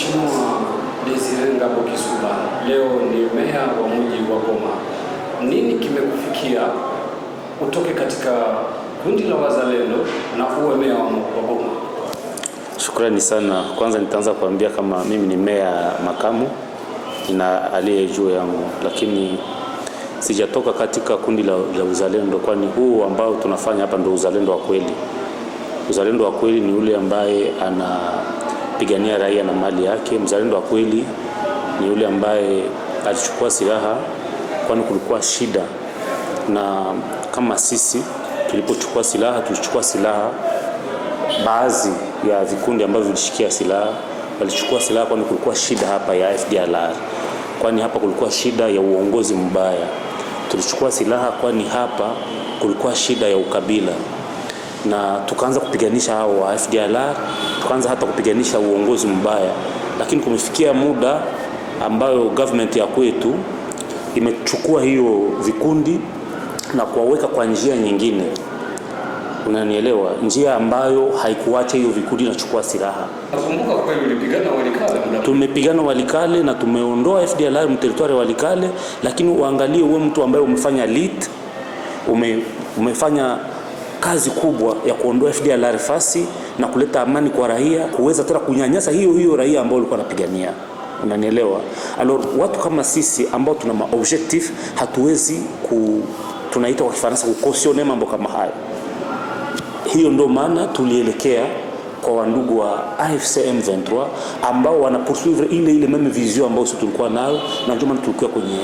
Mheshimiwa Desire Ngabo Kisuba, leo ni meya wa mji wa Goma. Nini kimekufikia utoke katika kundi la wazalendo na uwe meya wa Goma? Shukrani sana. Kwanza nitaanza kuambia kama mimi ni meya makamu na aliye juu yangu, lakini sijatoka katika kundi la, la uzalendo, kwani huu ambao tunafanya hapa ndio uzalendo wa kweli. Uzalendo wa kweli ni ule ambaye ana anapigania raia na mali yake. Mzalendo wa kweli ni yule ambaye alichukua silaha, kwani kulikuwa shida, na kama sisi tulipochukua silaha, tulichukua silaha, baadhi ya vikundi ambavyo vilishikia silaha walichukua silaha, kwani kulikuwa shida hapa ya FDLR, kwani hapa kulikuwa shida ya uongozi mbaya. Tulichukua silaha, kwani hapa kulikuwa shida ya ukabila na tukaanza kupiganisha hao wa FDLR, tukaanza hata kupiganisha uongozi mbaya, lakini kumefikia muda ambayo government ya kwetu imechukua hiyo vikundi na kuwaweka kwa njia nyingine, unanielewa, njia ambayo haikuacha hiyo vikundi inachukua silaha. Tumepigana Walikale na tumeondoa FDLR mteritwari Walikale, lakini uangalie uwe mtu ambaye umefanya lit ume, umefanya kazi kubwa ya kuondoa FDLR fasi na kuleta amani kwa raia, kuweza tena kunyanyasa hiyo hiyo raia ambao walikuwa wanapigania. Unanielewa? Alors, watu kama sisi ambao tuna objective hatuwezi ku, tunaita kwa Kifaransa kukosionea mambo kama hayo. Hiyo ndio maana tulielekea kwa wandugu wa AFC M23 ambao wana poursuivre ile ile meme vision ambayo sisi tulikuwa nayo, na ndio maana tulikuwa kwenye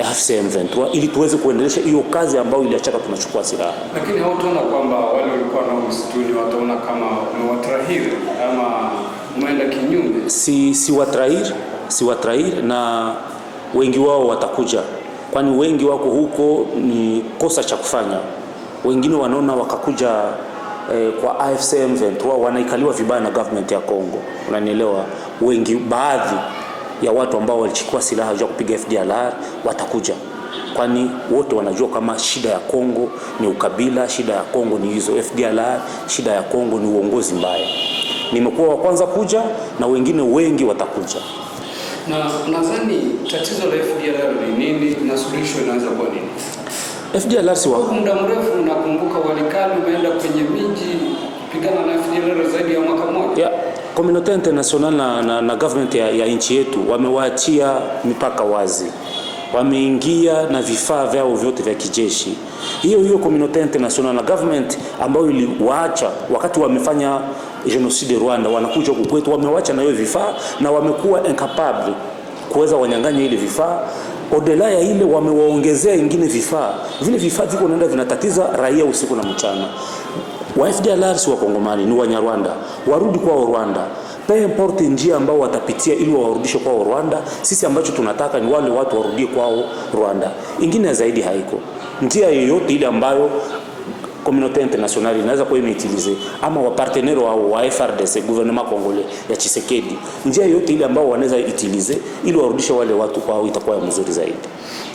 M23 ili tuweze kuendelesha hiyo kazi ambayo iliachaka tunachukua silaha. Lakini hautaona kwamba wale walikuwa nao msituni wataona kama watrahiri ama umeenda kinyume? Si, si watrahiri, si watrahiri na wengi wao watakuja, kwani wengi wako huko ni kosa cha kufanya. Wengine wanaona wakakuja eh, kwa AFC M23 wanaikaliwa vibaya na government ya Congo, unanielewa? Wengi baadhi ya watu ambao walichukua silaha za kupiga FDLR watakuja, kwani wote wanajua kama shida ya Kongo ni ukabila, shida ya Kongo ni hizo FDLR, shida ya Kongo ni uongozi mbaya. Nimekuwa wa kwanza kuja na wengine wengi watakuja. Na nadhani tatizo la FDLR ni nini na suluhisho inaanza kwa nini? FDLR si wa muda mrefu, nakumbuka walikali umeenda kwenye miji kupigana na FDLR zaidi ya mwaka mmoja. Yeah. Komunote international na, na, na government ya, ya nchi yetu wamewaachia mipaka wazi, wameingia na vifaa vyao vyote vya kijeshi. Hiyo hiyo komunote international na government ambayo iliwaacha wakati wamefanya genocide Rwanda, wanakuja huku kwetu, wamewacha na hiyo vifaa na wamekuwa incapable kuweza wanyang'anya ile vifaa. Odela ya ile wamewaongezea ingine vifaa, vile vifaa viko naenda vinatatiza raia usiku na mchana wa FDLR si Wakongomani, ni Wanyarwanda, warudi kwao Rwanda, peu importe njia ambao watapitia ili wawarudishe kwao Rwanda. Sisi ambacho tunataka ni wale watu warudie kwao Rwanda, ingine zaidi haiko njia yoyote ile ambayo komunote internationale inaweza kuwa imeutilize ama waparteneri wa, wa FRDC gouvernement congolais ya Chisekedi, njia yote ile ambao wanaweza itilize ili warudishe wale watu kwao, itakuwa mzuri zaidi.